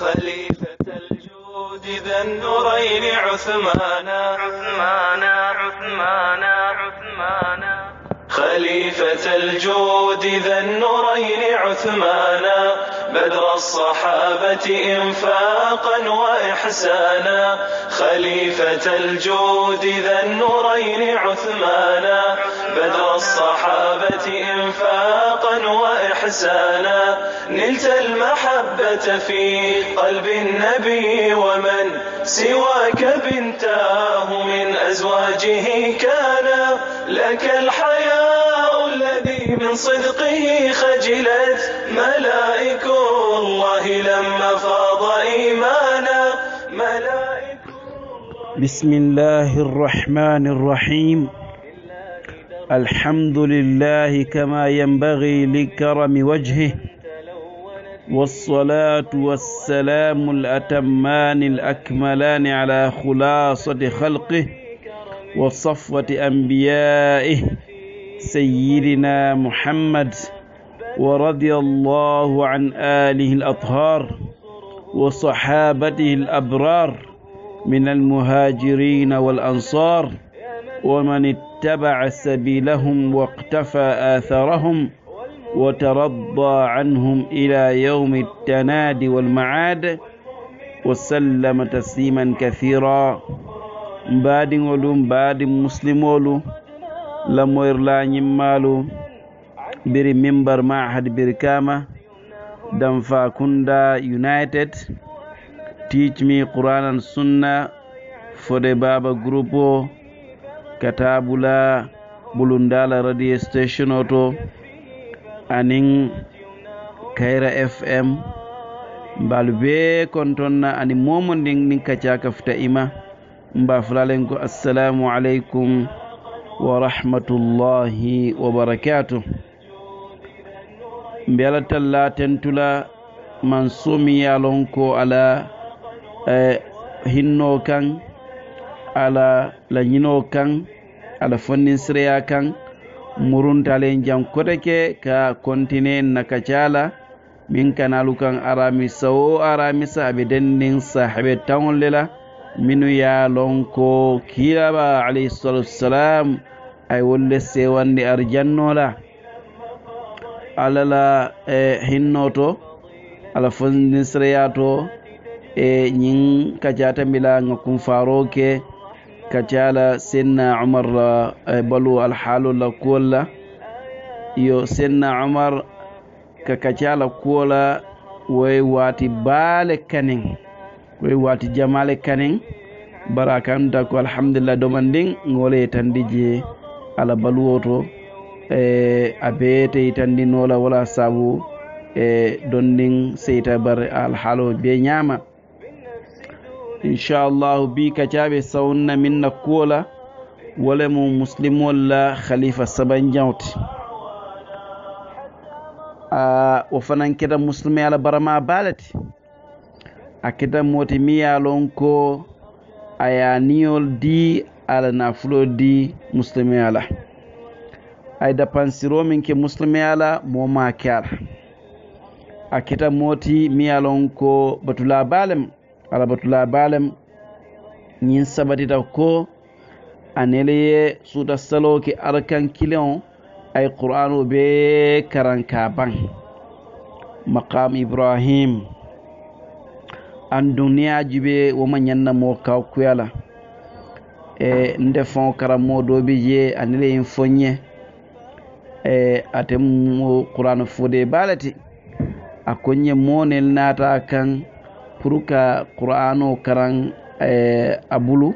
خليفة الجود ذا النورين عثمانا عثمانا عثمانا عثمانا خليفة الجود ذا النورين عثمانا بدر الصحابة إنفاقا وإحسانا خليفة الجود ذا النورين عثمانا بدر الصحابة إنفاقا وإحسانا نلت المحبة في قلب النبي ومن سواك بنتاه من أزواجه كان لك الحياة الذي من صدقه خجلت ملائكه الله لما فاض إيمانا بسم الله الرحمن الرحيم الحمد لله كما ينبغي لكرم وجهه والصلاة والسلام الأتمان الأكملان على خلاصة خلقه وصفوة أنبيائه سيدنا محمد ورضي الله عن آله الأطهار وصحابته الأبرار من المهاجرين والأنصار ومن اتبع سبيلهم واقتفى آثارهم وترضى عنهم إلى يوم التناد والمعاد وسلم تسليما كثيرا مبادئ ولو مبادئ مسلمولو لم لا نمالو biri mimbar mahad birkama damfa kunda united teach me quran an sunna fode baba groupe o katabula bulundala radio station oto anin kayra fm mbal be kontonna ani momo ndin nin kacaka fta ima mba fulalen ko assalamu aleykum wa rahmatullahi wa barakatuh mbela talla tentula man somiyalon ko ala eh, hinno kan ala lañino kan ala fonninsireya kan muruntalen jan kotake ka kontine nakacala min kanalu kan aramisa o aramisa aɓe dennin sahaɓe tawon lela minu ya lon ko kiilaɓa alayhisalatu wasalam ay wolle sewande arjannola alala e hinnoto ala fonisreyato e ñin kacata mbila ga kum faroke kacala senna omar e, balu alhalula kuolla yo senna omar ka kacala kuola woy wati baale kanen woy wati jamale kanen bara kanuta ko alhamdulillah domandin ngoole tandi je ala baluwoto e a bee noola wala sabu e donndin seyta bar alhaalo be ñaama inchallahu bi kacaaɓe sawna min na kuwola wala mo muslimol la khalifa saban jawte a o fanan keta muslime ala barama baalete a keta moti mi ye lon ko a ye niyol di ala nafulol di muslime ala ay dapansiro min ke musilimeyala moo maa ke a la a keta mooti miŋ ye ko batula balem ala batula balem lem ñiŋ sabatita ko a le ye suuta saloo ke alakaŋ kiliŋo a ye qur'anoo bee karaŋ maqam ibrahim aŋ duŋ niŋ ye a jube wo ma ñaŋ na kaw kuya e nte faŋo karamoo doo bi je aniŋ le ye e atemo qurano fuude baalati a koñe monel naata kan pour qua qur'ano karan e abulu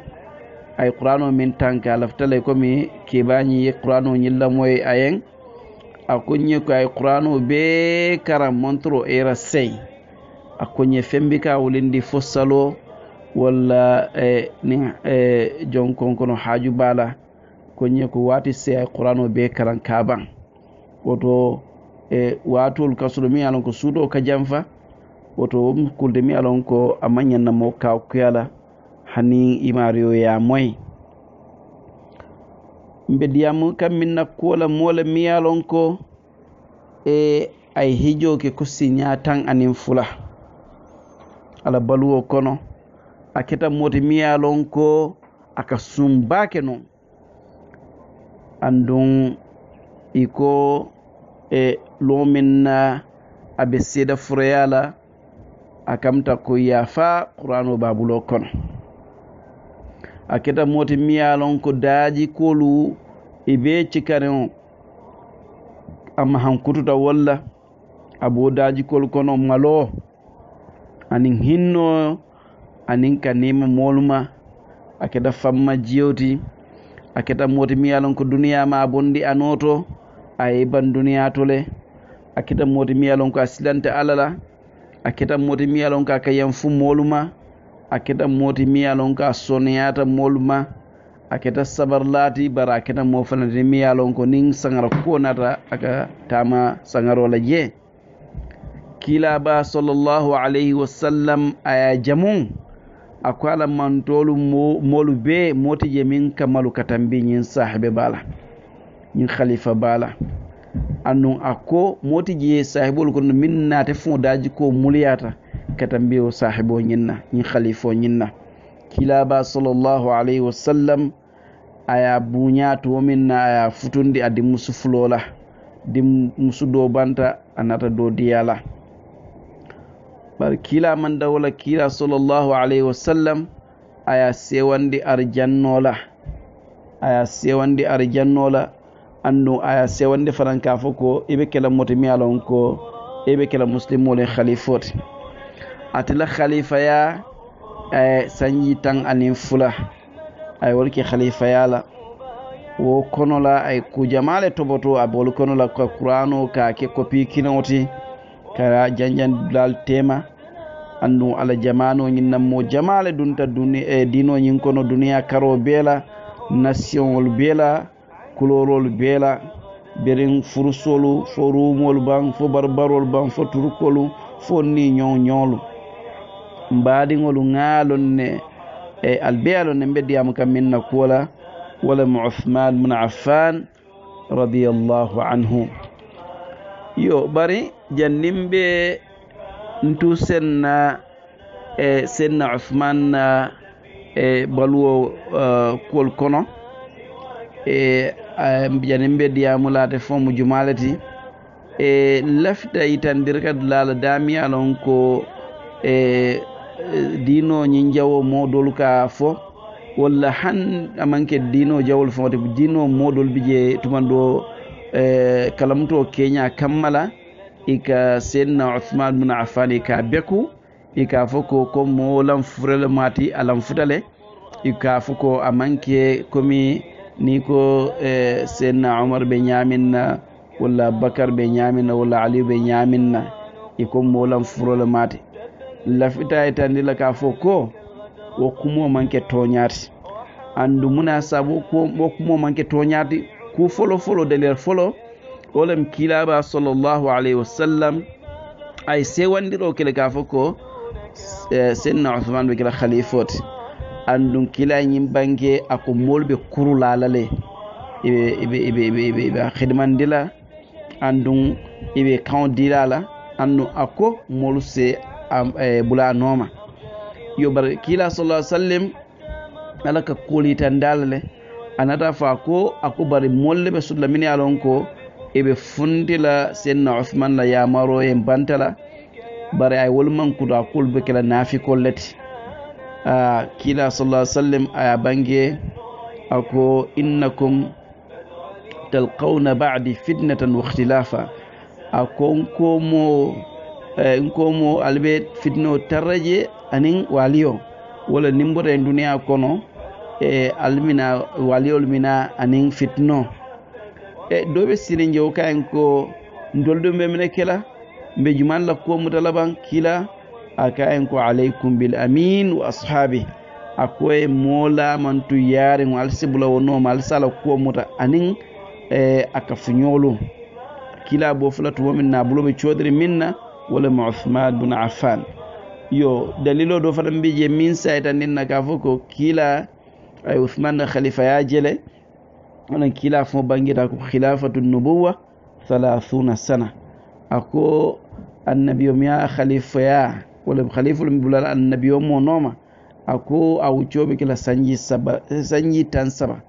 ay qur'ano min tanke a laftalay komi kebañi ye qur'ano ñillamoye ayen a koñe ko ay qur'ano be karan montro era sey a koñe fembi ka wolindi fo salo walla e ni e jonkonkono haaju baala koñe ko wati sey ay qur'ano be karan kaban woto e watol kasoro mi alon ko suuɗo ka janfa woto kulde mi alon ko a mañannamo kaw kuyala hani imario ya moy mbediyam kam min nakkuwola moola mi alon ko e ay hijoke ko siña tan anin fula ala baluwo kono a ketanmote mi alon ko aka sumbake non andun iko e lominna abe seeda furayala a kamta ko yiya fa qur'an o babulo kono a keta moti miyalon ko daaji kolu e be cikane o amma hankututa walla abo daaji kol kono malo anin hinnoo anin ka nima moluma a keta famma jewti a keta moti miyalon ko duniya ma bondi anoto aye ban duniya a kitan moti miyalon ko a silante ala la a kitan moti miyalon ko a kayan fu molu ma a kitan moti miyalon ko a soniyata molu ma a kita sabar lati bara a kitan mo fanati miyalon ko nin sangara ko nata aka tama sangaro la je kila ba sallallahu alaihi wasallam aya jamun akwala mantolu molu be moti je min kamalu katambi nyin sahibe bala in khalifa bala annun a ko motiji sahibol kono min naate fondaji ko muliyata kata mbiyo sahibo ñinna in khalifa o ñinna kilaba salllahu alayhi wa sallam aya buñatu wominna aya futundi adi musu fulola di musu do banta a nata do diyala bar kila man dawla kila salllahu alayhi wa sallam aya sewandi ar jannola aya sewandi ar jannola anndu aya sewande fananka fo ko iɓe kela moti mi alon ko iɓe kela muslimole halifote atela halifaya ay e, sañji tan anin fula ay wolki halifaya la wo konola ay kujamale toboto abolu konola ka qur'ano ka ke copi kinoti kara janjandulal tema anndu allah jamano ñinnanmo jamale dunta dun e dinoñin kono duniya karo beela nationol beela kulorol beela berin fursolu fo rumol ban fo barbarol ban fo turkolu fonni ñow ñowlu mbaɗigolu ngaalon ne e albeyalon ne mbeddiyama kam minna kuola walamo uthman mun affan radiallahu anhu yo ɓari jannimɓe ntu senna e senna uthmanna e baluwo uh, kol kono e janin ɓeddiyamulate fomu jumalati e lafta yitandir kadi laala damiya lon ko e dinoñin jawo modol ka fo walla han amanke dino jawol fote dino modol bije tumanɗo e kalamto keña kammala ika senna ouhman mun afan ika beku ika fo ko comme mo lanfurele mati alanfutale ika fo ko amanke komi ni ko e, senna omar ɓe ñaminna walla bakar ɓe ñaminna walla aliou ɓe ñaminna e comme molam furole mate lafita e tandila ka fo ko wo kumo manque toñate andu muna saabu wo kumo manque toñate ku folo folo de nder folo olem kilaba sallllahu alayhi wa sallam ay sewandiro kele ka fo ko e, senna outhmane ɓe kela khalifote andum kilañin banggue ako molɓe kurulalale ɓeɓeɓeɓeɓe hidmandila andum iɓe kawdilala andu ako molse bulanoma yobar kila sallah sallim ala ka kolitandalale anata fa ko ako bari molleɓe sulla mini alon ko eɓe fundila senna ouhmane la yamaro en bantala bari ay wolmankudo akolɓe kela naafikollete uh, kila sallallahu sallam aya bange ako innakum talqawna ba'di fitnatan wa ikhtilafa ako nkomo eh, nkomo albe fitno taraje anin waliyo wala nimbore duniya kono e eh, almina waliyol mina anin fitno e eh, doɓe sine jewo kayen ko ndolɗum ɓe mine kela mbe juman la ko mutalaban kila akayen ko alaykum bil amin wa ashabi akoye moolamantu yaari ŋo alisibula wonoma alisala kuwo muta anin e, eh, aka fuñoolu kila bo fula tuwo na bulobe coodiri minna wala ma uthman bun affan yo dalilo do fana mbije min min saytanin na ka fo ko kila ay eh, uthman na khalifa ya jele onan kila fo bangita ko khilafatu nubuwa 30 sana ako annabiyo miya khalifa ya wala khalifu bulala annabiyo mo noma ako awucoɓe kela sanji saba sanji tan saba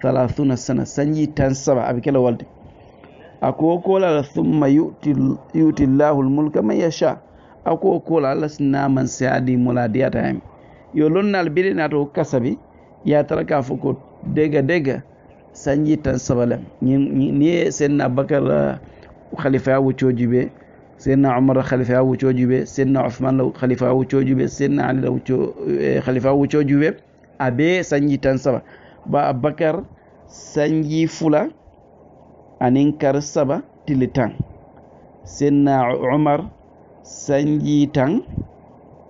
thalathuna sana sanji tan saba aɓe kela walde ako kolala thumma yuti llahu lmulka man yasha ako kola allah sinaman se adi mola diyata yo lonnal biri nato kasabi yatara ka fo ko dega dega sanji tan saba lem ni ye senna bakar khalifaya wucoji ɓe seydna omar a khalifa a wuccoju ɓe seydna ouhman la khalifa a wuccoju ɓe seydna ali la wucco eh, khalifa a wuccoju ɓe aɓe sañji tan saba ba abacar sañji fula anin kar saba tili tan seydna omar sañji tan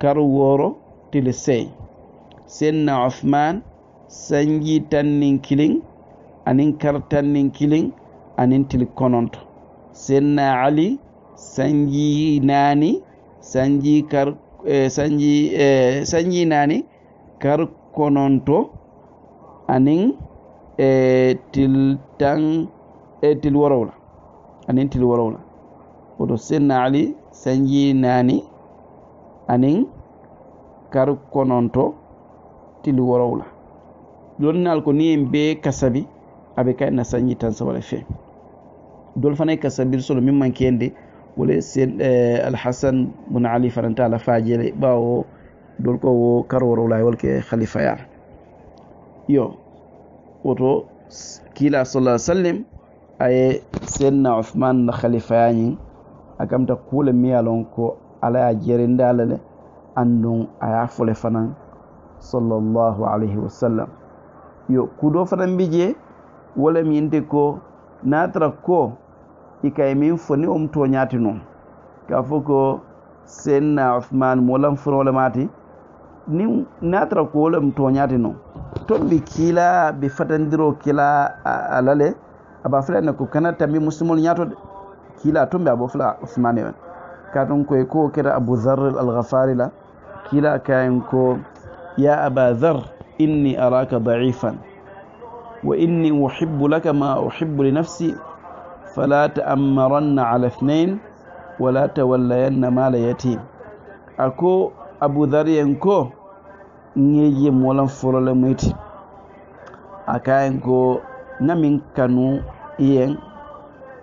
kar woro tili sey seydna ouhman sañji tan nin kilin anin kar tan nin kilin anin tili kononto seydna ali sanjinani sanji kar e, sanji e, sanjinani kar kononto anin e tiltan e tilworowla anin tilworowla oto senna ali sanjinani anin kar kononto tilworowla lonnal ko ni en be kasabi aɓe kayna sañi tan sawala e fewi dol fana kasabir solo min mankede wole sel alhasan mun ali fananta ala fajele ɓawo dolko wo karworo lay wolke halifayal yo woto kila sallah sallim aye senna uthman na halifayañin a kamta kuule miyalon ko ala ya jerinde ala le andun aya fole fanan sallallahu alayhi wa sallam yo kuɗo fanan mbi je wolem yinte ko natara ko i ka ye min fo ni wo mu to ñaati nu k'a fo ko senna uthman mo lan funo le maati ni n'a tara ko wo le mu to ñaati nu ton bi kiila bi fatandiro kila a la le a ba fula ne ko kana tambi muslimol ñaato de kiila ton be a bo fula uthman yon katon koye koo kera abu dhar alghafari la kiila kayen ko ya aba dhar inni araka daifan wa inni uhibbu laka ma uhibbu li nafsi fala ta'ammaranna ala ithnain wala tawallayanna mala yatim ako abu dharien ko ŋeji molan forole muyti a kayen ko ŋa min kanu iyen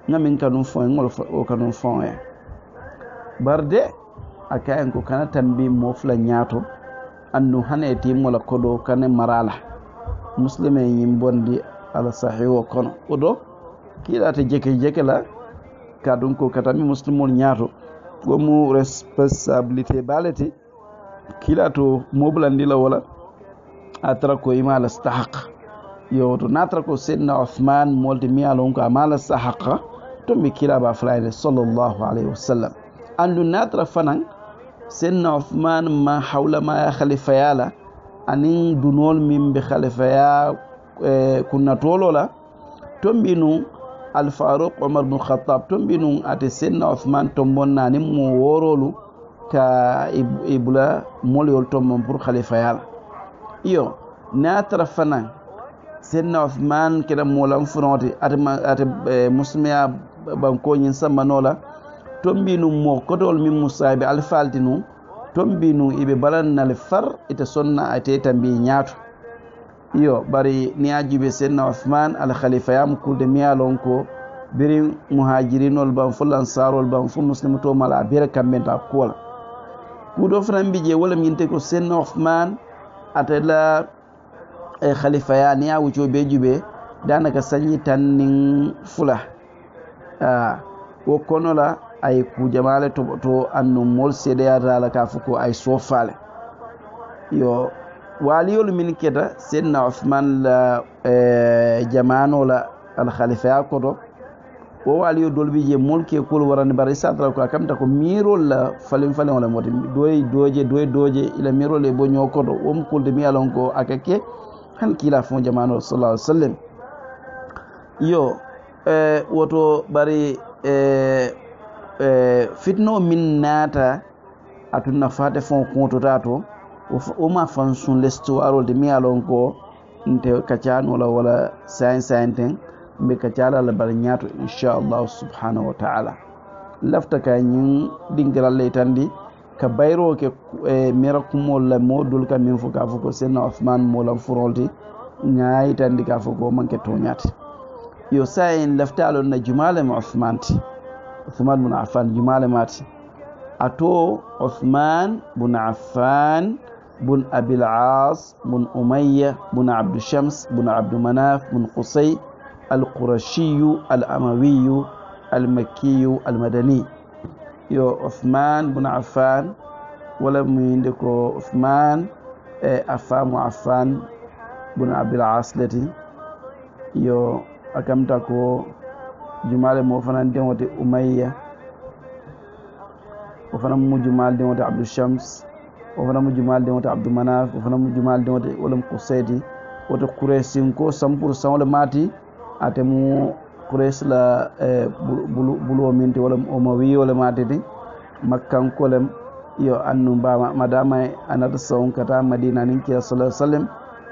ŋa min kanu foye ŋol o kanu foye bar de a kayen ko kana tambi mo fula ñaato andu hane timola kodo kane marala muslime yin ala sahiwo te jeke jeke la ka ɗum ko katami muslimol ñaato gomu responsabilité baalete kiila to la wala a tara ko ima la stahaq yo to natra ko seydna ouhman molde mi alon ko ama la stahaqa to mi kiilaba fulayde sallallahu alayhi wa sallam andu na fanan seydna ouhman ma ya la anin dunol min ɓe halifaya eh, la to mbinu alfaruk omar bnu khatab ton mbi num ate senna ouhman to bonnani mo worolu ka ibla moloyol to mon pour khalifayal iyo natara fana senna ouhman keɗa molan fonote ate e, musmiya banko ñin sammanola ton mbi num mo kotowol min moussaɓe alfalti num ton mbi num iɓe balannal far ita sonna ateta mbi ñaatu iyo ɓari ni ajuɓe senna ouhman alkhalifa yam kurde miyalon ko biri muhajirinol ban fo lansarol ban fo muslim tomala a bere kamɓenta kuwala kuuɗo franmbi je wolam ñinte ko senna ouhman atala e eh, khalifa ya ni a wuccoo ɓe juɓe danaka sañi tan nin fula a ah, wo konola ay kujamale toɓoto annu mol seedeyatala ka fo ko ay soofaale yo waaliyolu min keta seydna usman la jamano la alhalifaya koto wo waaliyo dolu bi je moolu ke kuolu warani bari satara ko a kamta ko miirol la falin falinŋo le moti doye doje doye doje ila miirol le boñoo koto wo mu kulti mi ye lon ko a ka ke han kiila fuŋo jamano sala sallam yo woto bari fitino min naata atunna na fate fuŋo kuŋotota to wo ma fan sun lestuwarol de miŋ ye a loŋ ko nte kacaano la wala sayin sayin teŋ mbe kacaala la bari ñaato inchallahu subhanahu wa taala lafta ka ñiŋ dinkiral le itandi ka bayiroo ke mira kumol la moo dul ka miŋ fo ka fo ko senna ofman moo lan furol ti ŋa yitandi ka fo ko maŋ ke tooñaati yo sayin lafta loŋ na jumalema ofman ti uthman bun affan jumalema ti ato uthman bun affan بن أبي العاص بن أمية بن عبد الشمس بن عبد مناف بن قصي القرشي الأموي المكي المدني يو عثمان بن عفان ولا ميندكو عثمان أفام إيه، عفان بن عبد العاص لتي يو أكمتكو جمال mo fanan أمية wote umayya o fanan عبد الشمس o fana mo jumalde wote abdoumanaf o fana mo jumalde wote wolem ko seedi woto kourés sinko sam pour sam ole maati atemo kourés la e, bulu o minte wolem omo wi ole maatidi makkankolem yo annu mbama madama e, anata sawon kata madina nin kia sala sallam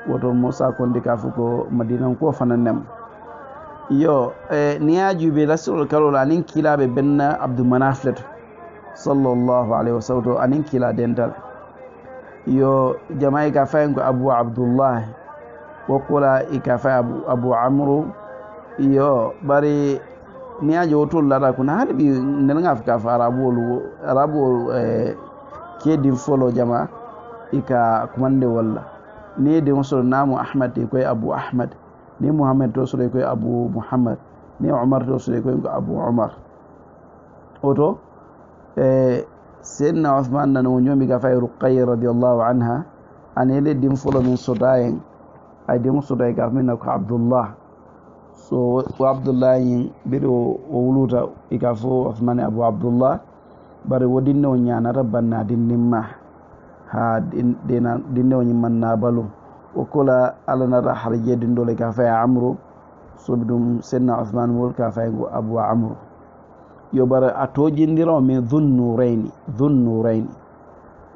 woto moussa kondi ka fo ko madina ko fana nem yo e, niya juɓe lasirol kalol anin kiilaɓe benna abdoumanaf leto sallallahu alayhi wa sallam to anin kiila dental yo jamaa ikafaye ngo abu abdullahi wokola ikafaye abu, abu amru yo bari ni aje wotollata kuna hani ɓi ndenga fika fa arabuwol arabuwol eh, kedin folo jama ika kumande walla ni din soro namu ahmad e koye abu ahmad ni muhammad to soro koye abu muhammad ni umar to soro koye ko abu umar oto eh, seydna uthman nana mo ñoomiga fay ruqaye radiallahu anha ana ele dim fulo min sudayen ay dimu suday gaf min ko abdullah so ko abdullah yin biri o wuluta ika fo uthman abu abdullah bari wo dinne o ñanata banna dinnimma ha dinne o ñimmanna balu o kola alanata harje dindole ka fay amru so ɗum seydna uthman wol ka fay abu amru yo bara a tojindirawo mi dunnurayni dunnurayni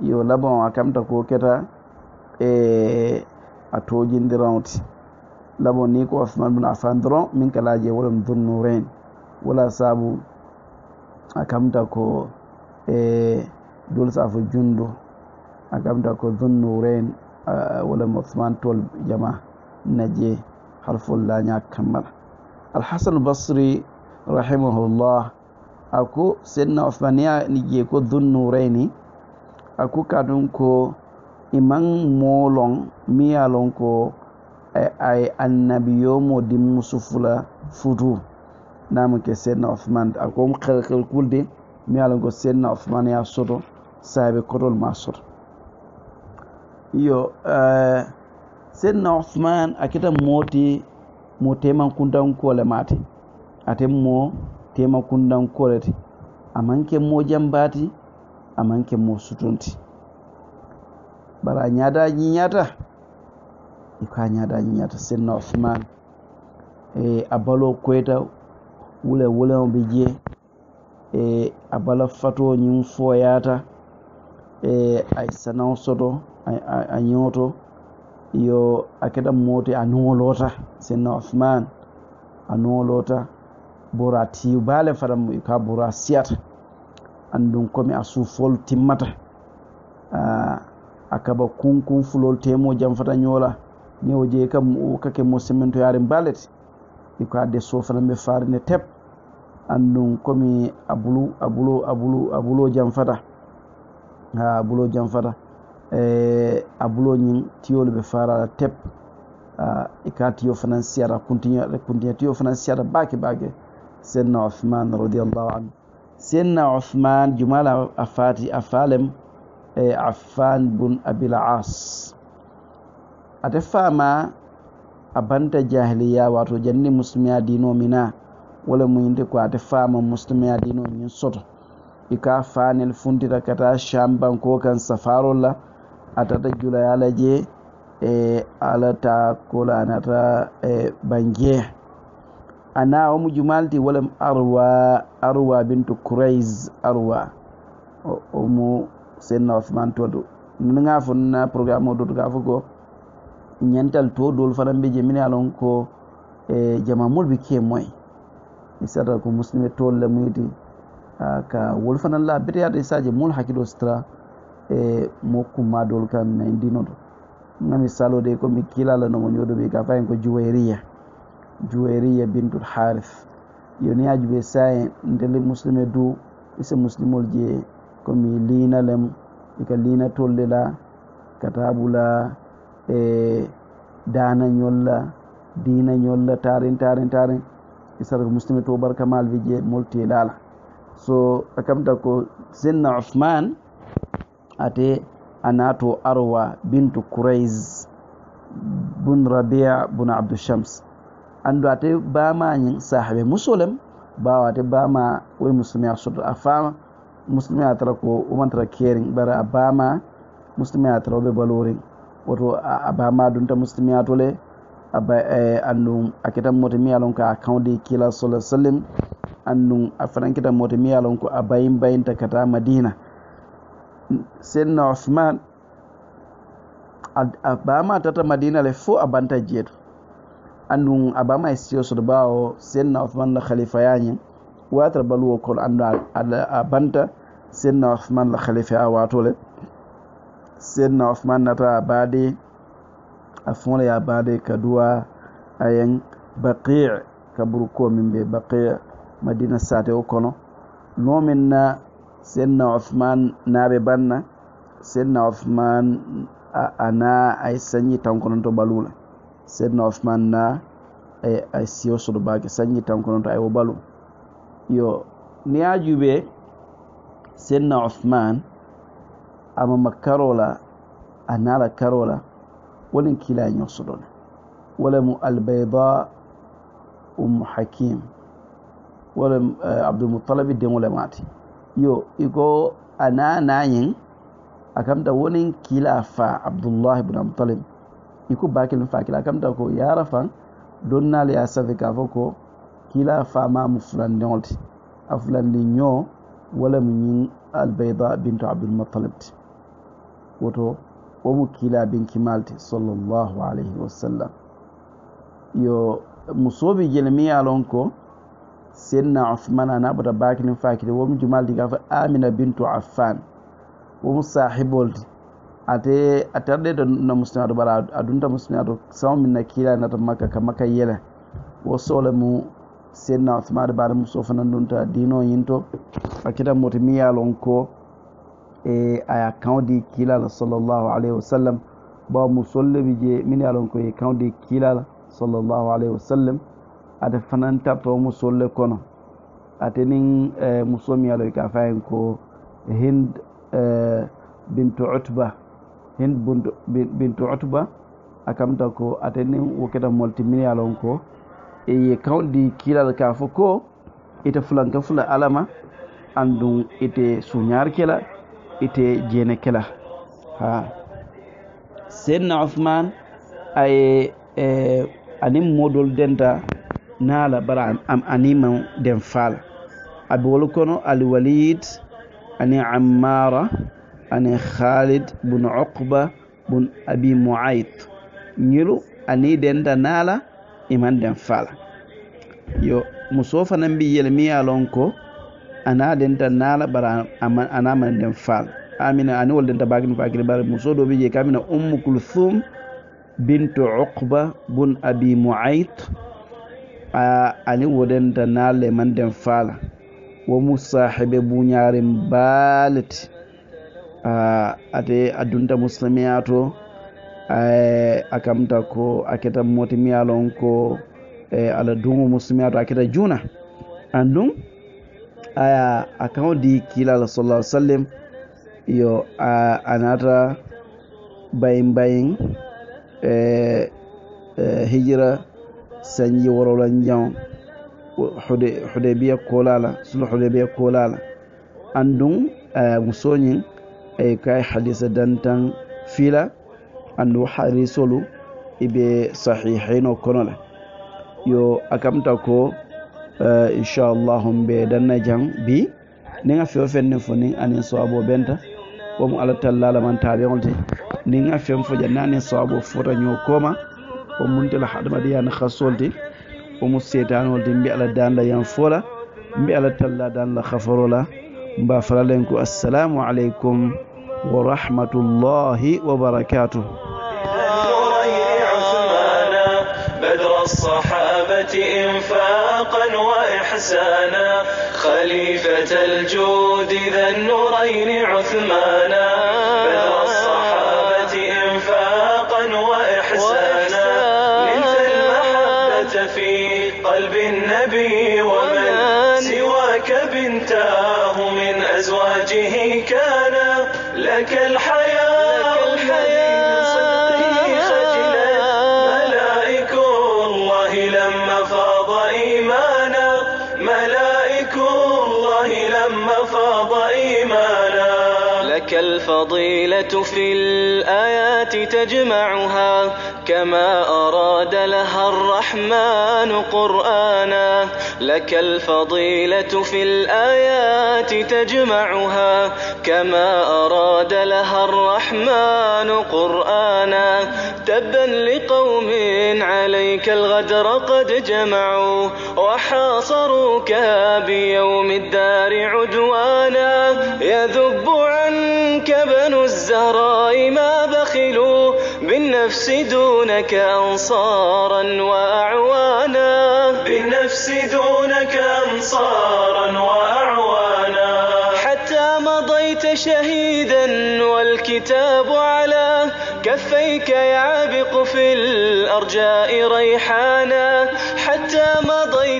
yo laban o a kamta ko keta e a tojindirawti labon ni ko osman bin affan doron min kalaje wolem dunnurayni wala saabu a kamta ko e dol safo jundo a kamta ko dunnurayni wolem osman tol jama naje har laña kammala alhasanu basri rahimahullah ako senna ofmania ni jee ko dunnu reyni ako kadum ko iman molon miya lon ko ay annabiyomo dimmusu fula futu namu ke senna ofman akom kelkel kulde miya lon ko senna ofmania soto saabe kotol ma soto iyo eh, senna ofman aketa moti mo teman kuntankole mate atemmo tema kundankorete aman kemmo jambati aman kemmo sutonti bara ñaada ñiñata ika ñaada ñiñata senna osman e, e, e a balo koyta wule wuleo ɓe jee e a bala fato ñin fooyata e ay sanaw soto a ñooto yo a keɗa moote a noolota senna osman a noolota bora tibale fadam ka bora siyata andum komi a suufol timmata a kaba kunkun fulol temo jam fata ñoola ni o jeeyi kam kake mo semen to yaari mbalete i ko adde so fana mbe farine teb andum komi abulu abulo abulu abulo jam fata ha abulo jam fata e abulo ñin tiyol ɓe farala teb e ka tiyo fana siyata continue continue tiyo fana siyata baake baake senna ouhman radiallahu anu senna ouhman jumala a faati a faalem e affan bun abilas ate faama a banta jahiliya wato jandi muslimea dinomina wala muyinte ko ate faama muslimea dino ñin soto i ka faanel funtita kata chambanko kan safarol la atata julayala je e alata kolanata e bangeeh a nawamu jumalti walam arwa arwa bintu kurais arwa omu senna othman todo nanaga fonna programme o dotoga fo ko ñantal to dol fana mbe je mine alon ko e jama mulɓe ke moy isata ko muslime tol lamuyiti ka wol fana labeteyata saji mul hakkilo sitra e mo kumma dol kan nayi ndinoto gami salode ko mi kilalanomon yodoɓe ka fayen ko juwayriya joueriya bintul haris yoni yaji ɓe saye ndele muslime du ise muslimol je komi linalem eka lina tolle la katabula e dana ñolla dina ñolla taren taren taren isara e ko muslime to barka malvi je moltelala so akamta ko senna ousman ate anato arwa bintu kourais bun rabia bun abdou shams anndu ate bama ñin sahaɓe musolem bawa ate bama woni muslimi a sodo a fama muslimi a tara ko womantara keeriŋ bara a bama muslimi a tara oɓe balorin woto a bama dunta muslimi a to le aba anndum a e, kitanmote miya lon ko a kawdi kila sala sallim anndum a fanan kitanmote miya lon ko a bayin bayinta kata madina seydna othman a bama tata madina le fo a banta jeeto andun abama isiyo sodbawo senna uthman la khalifa yanye watar baluwo kol andu a banta senna uthman la khalifa a watole senna uthman nata a baade a fõla yaa baade ka duwa a yen baqi' ka ko min be baqi' madina sate wo kono noo min na senna uthman naabe banna senna uthman a naa a ye sanyi tankononto baluu la seydna Osman na eh, ay siyo soɗo bake sañi tankonoto ay wo balu yo ni a juɓe seydna Osman ama ma karola a nala karola wani kila ño mu wolemu albayda um hakim wolem eh, abdoulmoutalabi dengole mati yo iko ana nañin akamta wonin kila fa abdoullah ibn abdoultalib i ko ba kelen fa kila kamta ko yara fan don n'ale y'a sanfɛ k'a fɔ ko kila fama mu fulandiŋo ti a fulandi ɲɔ wala mu ñiŋ albayda bintu abdul abdulmutalib ti woto wo mu kila bin kimal ti sallallahu wa sallam yo muso bi jele min ye a lon ko senna uthmana n'a bota ba kelen fa kelen wo mu jumal ti k'a fɔ amina bintu affan wo mu sahibol ti ate a tarde to na muslimato bara adunta muslimato samun min na kila maka makka ka makka yele wo sole mu senna usmade bare musu fana dunta dino yinto a moti mi yalon ko e aya kila kilala sallallahu alaihi wa sallam bawa musolleɓi je min yalon ko ye kila kilala sallallahu alaihi wa sallam ate fanan tarto musulmi kono a ta e, mi yaloy ka fayen ko hind e, bintu utba hin bintu utba akamta ko atani molti moltimini alon ko eye kawdi kilal ka fo ko ite fulanka fula alama andum ite suñar kela ite jene kela ha seydna uthman aye e, anin modol denta naala bara am anima den faala abe wol kono walid ani ammara ane khalid bun uqba bun abi muayt ñilu ani den da nala iman den fala yo muso fana bi yelmi ya lon ko ana denta da nala bara ana man den fala amina ani wol den da bagin fakir muso do bi je kamina ummu kulthum bintu uqba bun abi a ani wodenta da nala man den fala wa musahibe bunyarin balati Uh, ate adunta musilimiya to a kamta ko aketa keta motimiya lon ko eh, ala dungo musilimiya to a keta juna andun aya a kaŋo di kiilala sallallahu sallim yo a anata bayin bayin eh, eh, hijira sanji worolan jaŋo hudaybiya kola la sulu hudaybiya kola la andun musoñin e kay hadisa dantan fila andu harisolu ibe sahihino kono la yo akamta ko uh, inchallahu mbe danna jan bi ninga fewo fenne fo nin anin sowabo benta womo allah tallalamantaɓeolte ninga fen fo janni anin sowabo fota ño koma o muntela haɗamadiyan hasolte omo setanolte mbi ala danla yan fola mbi ala talla danla hafarola mba falalen ko assalamu aleykum ورحمة الله وبركاته الصحابة إنفاقا وإحسانا خليفة الجود ذا النورين عثمانا بدر الفضيلة في الآيات تجمعها كما أراد لها الرحمن قرآنا لك الفضيلة في الآيات تجمعها كما أراد لها الرحمن قرآنا تبا لقوم عليك الغدر قد جمعوا وحاصروك بيوم الدار عدوانا يذب منك بنو الزهراء ما بخلوا بالنفس دونك أنصارا وأعوانا بالنفس دونك أنصارا وأعوانا حتى مضيت شهيدا والكتاب على كفيك يعبق في الأرجاء ريحانا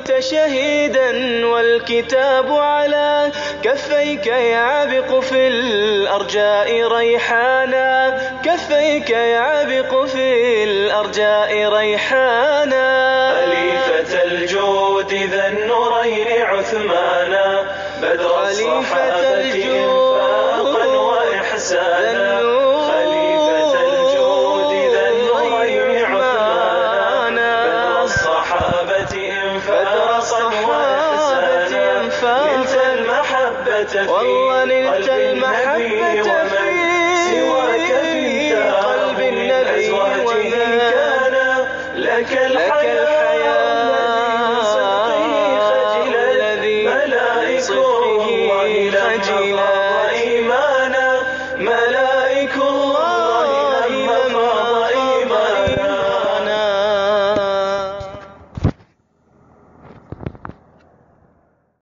أتيت شهيدا والكتاب على كفيك يعبق في الأرجاء ريحانا كفيك يعبق في الأرجاء ريحانا خليفة الجود ذا النورين عثمانا بدر الصحابة